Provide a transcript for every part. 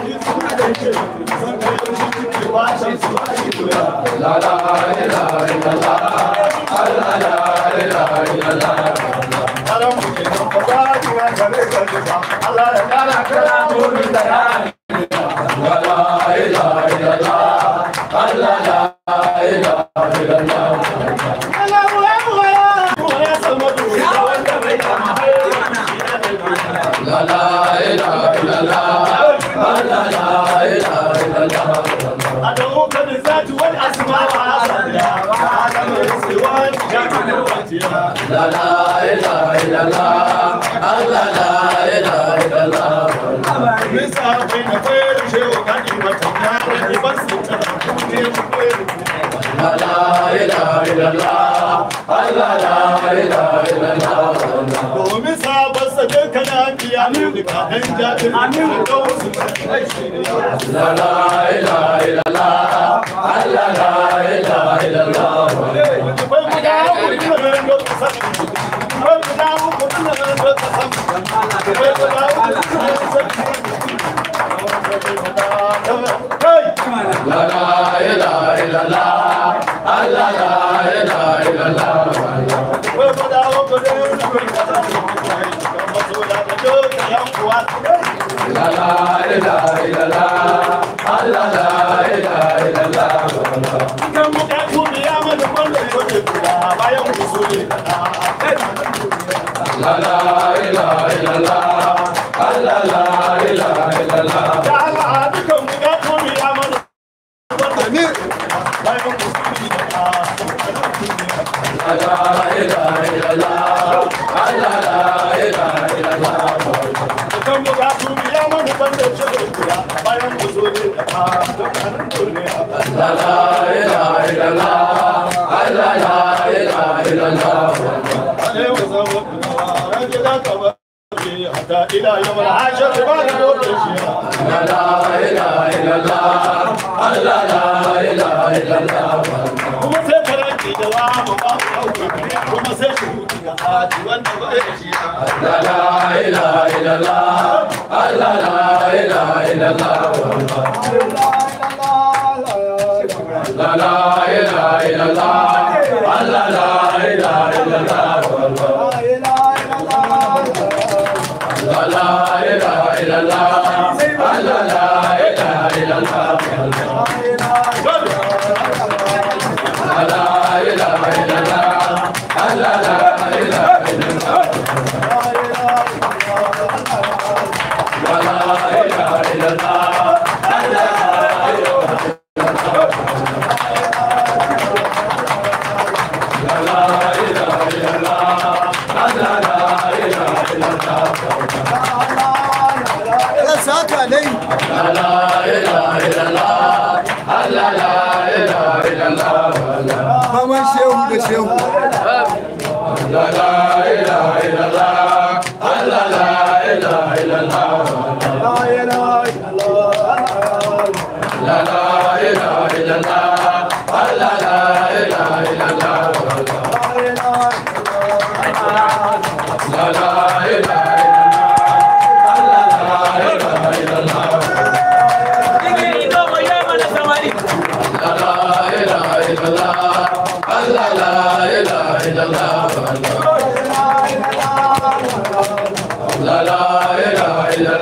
La la la la la أدعوك بالذات والأسماء آدم السواد جمع الوجه لا لا إله إلا الله لا لا إله إلا الله من سابين غير شيء وقديمة يبس لا لا إله إلا الله لا لا إله إلا الله ya basa duka lafiya duka dan jabir amin da wasu la la ilaha illallah Allah la ilaha illallah La la ilaha illallah Allah la ilaha illallah la la la. ya mana kwallon yau ne kula bayan mu so ne La la la la la, la la la la la. la la. dukan mu ya tuɗe ya mana kwallon ne bayan mu La la La la la ila la, la la. إلى يوم العاشر ما نقول لا لا إله إلا الله لا لا إله إلا الله وما سيكرك دوام وما سيشهودك آتي وأنت لا إله إلا الله لا لا إله إلا الله لا لا إله إلا الله الله لا إله إلا الله لا لا إله إلا الله الله لا إله إلا الله لا إله إلا الله لا إله إلا الله لا إله إلا الله Maman shehu da shehu. La la ilaha illallah. Allah la ilaha illallah. La ilaha illallah. La la ilaha illallah. Allah la ilaha illallah. لا لا لا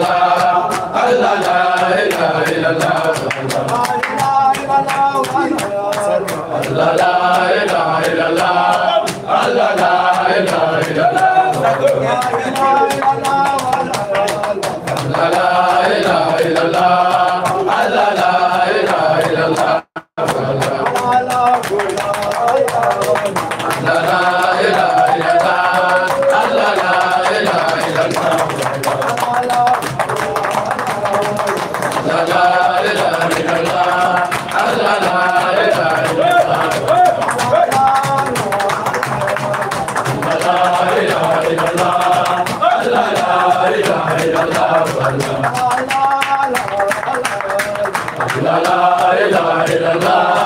la ilaha illallah